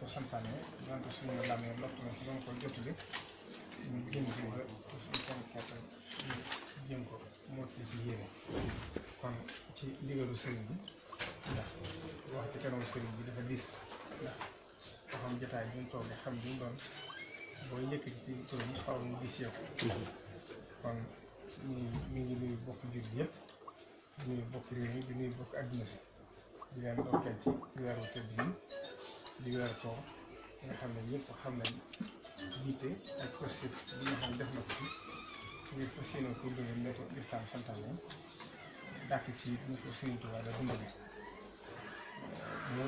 ko santaane donte suñu la lammee lott ci doon ko jottali ñu jëm ci ko moo ci ci kon ci ndigalu sëriñ bi ndax wax ci kanamu sëriñ bi dafa diis ndax waxam jotaay bi toog xam bi mu doon booy yëkkati ci turam xaw mu gis yow kon ñu mi ngi nuyu bokk jur yëpp di nuyu bokk réew si leen dokkeel ci weeru tëdd di weer nga xam ne ñëpp xam nañ yitte ak positif bi nga xam ne def na ko ci ngir fas yéene ko dundal ne ko ci ñu ko Sëriñ Tuubaa da dundale mu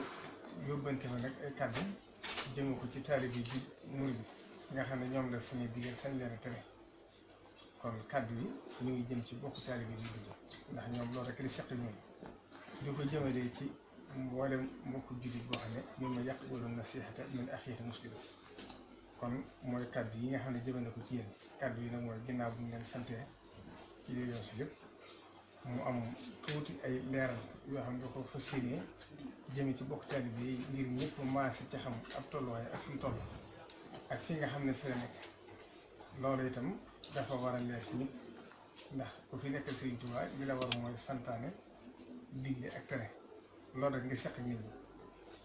yóbbante ma nag ay kàddu jëme ko ci taalibe bi murid bi nga xam ne ñoom la suñuy digal sañ leen a tere kon kàddu yi ñu ngi jëm ci bokk taalibe bi dund ndax ñoom loolu rek li seq ñoom di ko jëmalee ci mboolem mbokk jullit boo xam ne ñoom ma yaqbaluuna nasiihata min axiihi muslim kon mooy kàddu yi nga xam ne jëme na ko yi nag mooy ginnaaw bu ñu sante ci li yoon si lépp mu am tuuti ay leeral yoo xam ne ko fas yéenee jëme ci bokk bi yi ngir ñëpp maase ci xam ab tolluwaay ak fi mu toll ak fi nga xam ne fi la nekk loolu itam dafa war a leer ci ndax ku fi nekk Sëriñ Tuubaa li la war mooy santaane digle ak tere loolu rek nga seq mi nit ñi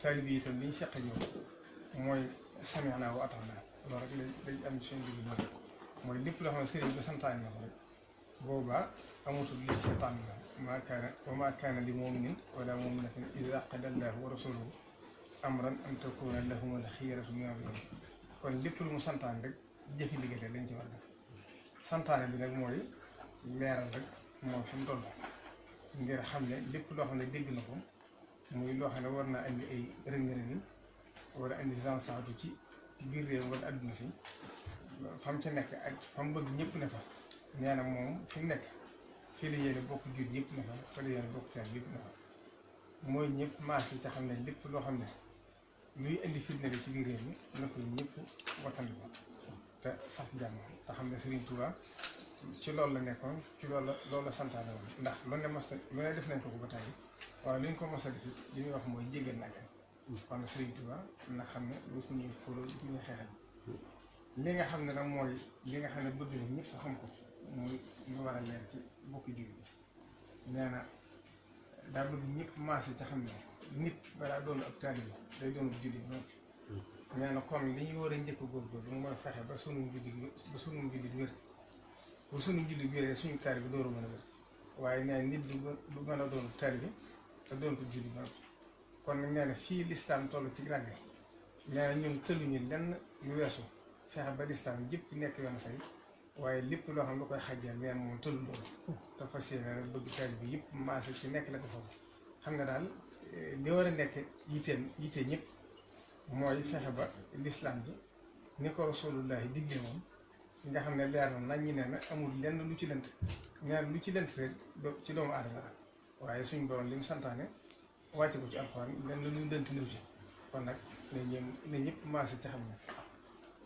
taal bi itam li ñu seq ak ñoom mooy samihaanaa wa ataanaa loolu rek lañ lañ am ci suñu digg mooy lépp loo xam ne sëriñ bi santaane na ko rek boobaa amatul li seetaan la maa kaana wa maa kaana li mu'minin wala mu'minatin idaa qadaa llaahu wa rasuluhu amran an takuuna lahumul xiyaratu min amrihim kon lépp lu mu santaane rek jëfi liggéey lañ ci war a bi nag mooy leeral rek mooy fi mu toll ngir xam ne lépp loo xam ne dégg na ko. muy loo xam ne war naa andi ay rëng-rëng yi war a andi sensibiliser ci biir réew wala adduna si fam ca nekk ak fam bëgg ñëpp ne fa nee na moom fi mu nekk fii la bokk jur yëpp ne fa fa la yéene mooy ñëpp maas yi ca xam ne lépp loo xam ne luy indi fitna ci biir réew mi na ko ñëpp wattandiku te sax jàmm te xam ne Serigne Touba. ci loolu la nekkoon ci loolu la lool la santaane woon ndax lu ne mos lu ne def nañ ko ba tey waaye li ñu ko mos a def li ñuy wax mooy jéggal nag kon Sëriñ Tuubaa na xam ne lu ko ñuy xuloo lu ko li nga xam ne nag mooy li xam ne bëgg na ñëpp ko muy lu a leer ci bokki jiw bi nee na daa bëgg ñëpp maase ca xam ne nit balaa doon ab taalibe day doon julli noppi mm. nee na kon li ñu war a njëkk góorgóorlu mooy fexe ba sunu njulli ba sunu njulli wér bu suñu julli bi suñu taal bi dooru mën a wér waaye nee nit du du mën a doon taal bi te doon ko julli ba kon nag nee na fii lislaam toll ci ràgg nee na ñun tëluñu lenn lu weesu fexe ba lislaam yëpp nekk yoon say waaye lépp loo xam ne koy xajjee nee na moom tëluñ loolu te fas yéene bi yëpp maase ci nekk la ko xam nga daal eh, li war a nekk yiteen yiteen ñëpp mooy fexe ba lislaam bi ni ko rasulullahi digle moom nga xam ne leer na nañ ñi ne nag amul lenn lu ci lënt ñaar lu ci lënt rek ci doomu aadama la waaye suñ borom li mu santaane wàcce ko ci alxuraan lenn lu lënt néew ci kon nag ne ñëm ne ñëpp maase ci xam ne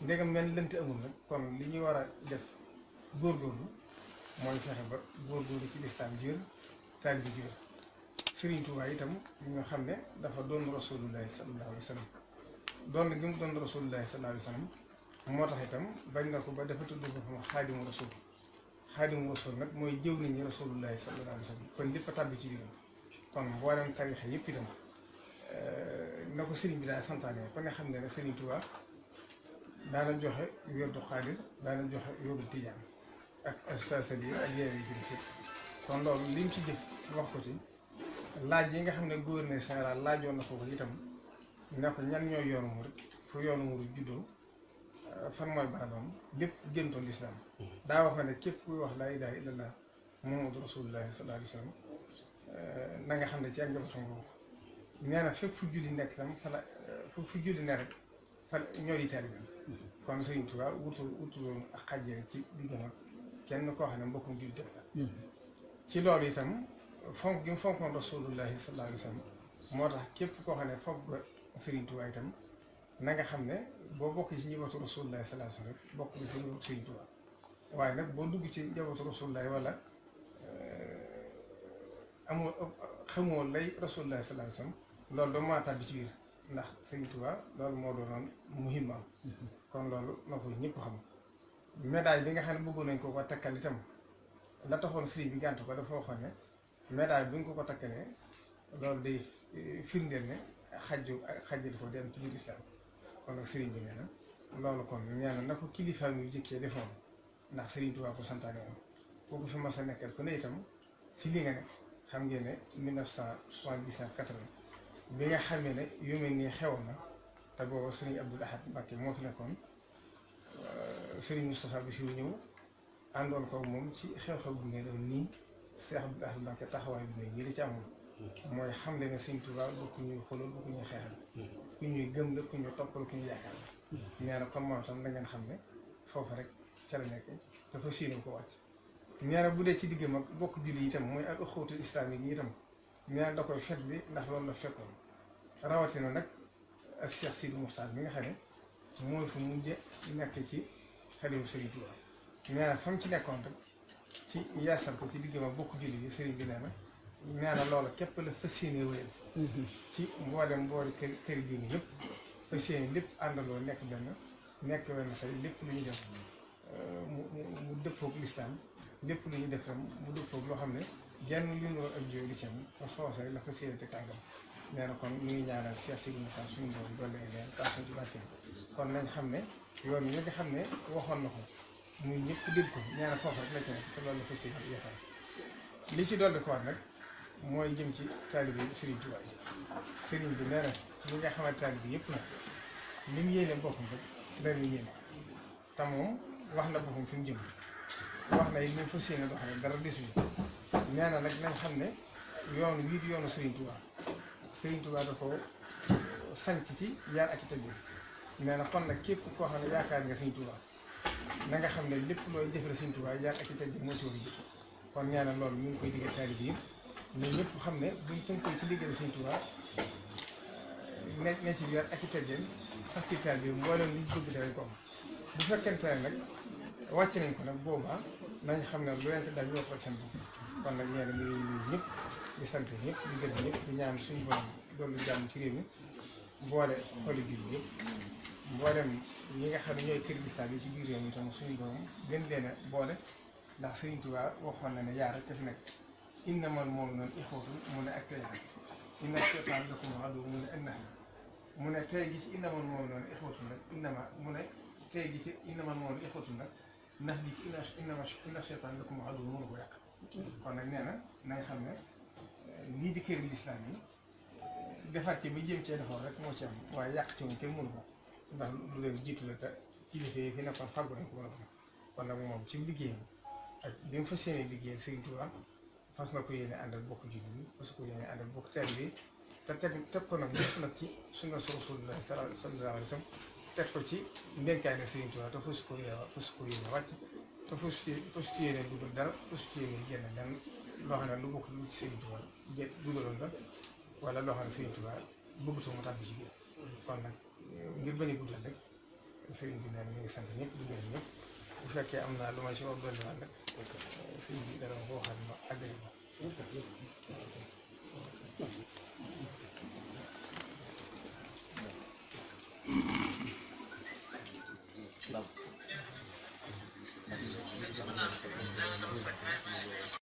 ndegam mel lënt amul nag kon li ñuy war a def góorgóorlu mooy fexe ba góorgóorlu ci lislaam jiwér taal bi jiwér Sëriñ Tuubaa itam ñu xam ne dafa doon rasulullahi sallallahu alayhi wa sallam doon gi mu doon rasulullahi sallallahu alayhi moo tax itam bañ na ko ba dafa tudd ko xam xaadimu rasul xaadimu rasul nag mooy jëw nañu rasulullahi sallallahu alayhi wa sallam kon lépp a tàbbi ci biiram kon mboolem tarixa yëpp itam eh, na ko sëriñ bi daal santaane ba nga xam ne nag sëriñ Tuubaa daana joxe wérdu xaadir daana joxe wérdu tijaan ak asasadi ak yeneen yi ci kon loolu li ci jëf wax ko ci laaj yi nga xam ne gouverneur général laajoon na ko itam na ko ñan ñooy yoonu murit fu yoonu murit juddoo fan mooy baadoom lépp géntoon lislaam daa wax ne képp kuy wax laa ilaaha illallah muhammadu rasulullahi sallallahu alayhi wa sallam eh, na nga xam ne ci ak njabootam boobu nee fu julli nekk tam fa la eh, fu fu ne rek ñoo di kon Sëriñ Tuubaa wutul wutuloon ci kenn koo xam ne mbokkum julli ci loolu itam fonk gi mu fonkoon rasulullahi sallallahu moo tax képp koo xam ne fonk nga Sëriñ xam ne boo bokk ci njabootu rasulullah sallallahu rek wa sallam bokk nga ci njabootu Sëriñ Tuubaa waaye nag boo dugg ci njabootu rasulullah wala eh, amoo xamoo lay rasulullah sallallahu alayhi loolu doo maa tàbbi ci biir ndax Sëriñ Tuubaa loolu moo doonoon muhim am kon loolu na ko ñëpp xam médaille bi nga xam ne bëggoon nañ ko ko takkal itam la taxoon sëriñ bi gant ko dafa waxoon ne médaille bi nga ko ko takkalee loolu day eh, firndeel ne xajju xajjal ko dem ci biir islam kon nag sëriñ bi nee na loolu kon ñaanal na ko kilifaam yu jëkkee defoon ndax sëriñ Tuubaa ko santaane woon boo ko fi mas a nekkal ne itam si li nga ne xam ngeen ne 1979 80 bi nga xamee ne yu mel nii xewoon na te booba sëriñ Abdoul Ahad Mbacké moo fi nekkoon euh, sëriñ Moustapha bi fi ñëw àndoon ko moom ci xew-xew bu ne doon nii Cheikh Abdoul Ahad Mbacké taxawaay bi ne ñii di ci amoon. mooy xam ne ne sëñ Tuubaa bokku ñuy xoolal bokku ñuy xeexal ku ñuy gëm la ku ñuy toppal ku ñuy yaakaar la nee na comme moom tam da ngeen xam ne foofu rek ca la nekk dafa siiné ko wàcc ñaara bu dee ci digg mag bokk julli itam mooy ak xóotu islamique yi itam ñaara da koy fet bi ndax loolu la fekkoon rawatina nag ak Cheikh Sidi Moustapha bi nga xam ne mooy fu mujj nekk ci xalifu Serigne Touba ñaara ci nekkoon rek ci yaasal ko ci digg bokk julli yi Serigne bi nee nee na loolu képp la fas yéene wéyal mhm. ci mboolem mboori kër kër gi nii yëpp fas lépp àndaloo nekk benn nekk wenn say lépp lu ñu def euh, mu mu dëppoog lislaam lépp lu ñu def tam mu dëppoog loo xam ne genn lu ñu war ak jiw di ci am te soosay la fas yéene te kàngam nee kon ñu ngi ñaanal Cheikh Sidi Moussa suñu doom doole leen taasu ci barkeem kon nañ xam ne yoon yi nga xam ne waxoon na ko mu ñëpp dégg ko nee na li ci dolli ko war nag mooy jëm ci taalibe Serigne Touba Serigne bi nee na nga xamante taalibe yëpp na lim yéene boppam rek danañ yéene te moom wax na boppam fi mu wax na it ñu fas yéene dox dara desu nee na nag nañ xam ne yoonu wii di yoonu Serigne Touba Serigne Touba da ko ci yaar ak itam nee na kon nag képp koo xam ne yaakaar nga Serigne Touba na nga xam ne lépp looy jëfandikoo Serigne Touba yaar ak itam moo ci war a kon ñaanal loolu ñu koy digal taalibe ne ñëpp xam ne buñ tënkoo ci liggéey Sëñ Tuubaa euh, ne ne ci biir ak i teggin bi mboolem liñ bëgg danañ ko am bu fekkente ne wàcc nañ ko nag boobaa nañ xam ne lu leen te dal ñoo ko seen kon nag nee na ñu ñëpp di sant ñëpp di gërëm ñëpp di ñaan suñ borom dollu jàmm ci réew mi mboole xoli biir yëpp mboolem ñi nga xam ne ñooy Kirgistan bi ci biir réew mi tam suñu borom gën leen a boole ndax Sëñ Tuubaa waxoon na ne yaa rek daf nekk. إنما المؤمن الإخوة من أكتاها إن الشيطان لكم عدو من أنها من تاجس إنما المؤمن الإخوة إنما من تاجس إنما المؤمن الإخوة نهدي إن إنما إن الشيطان لكم عدو من غيا قلنا إن أنا نايخمة نيدكير الإسلامي دفعت بيجي مشان هورك ما شاء الله ويأكلون كم منها ده لو جيت لك كده في هنا فرقة بينكم ولا ما ممكن بيجي بيم فشل بيجي سينتوا fas na ko yéene àndal bokk ji bi fas bokk teel bi te teg teg ko nag ñëpp nag ci sunna Rasulullah sallallahu teg ko ci ndenkaay na Sëriñ Tuubaa te fas ko yéene fas ko yéene wàcc te fas fas yéene dugal lu bokk lu ci Sëriñ Tuubaa dugaloon la wala loo xam ne Sëriñ Tuubaa bëggutu mu tàbbi ci biir kon nag ngir bañ a guddal rek sëriñ bi naan ngi sant ñëpp di gërëm ñëpp ushake amna almashi babban wanda sai yi da ran gohan ma agari ba Thank you.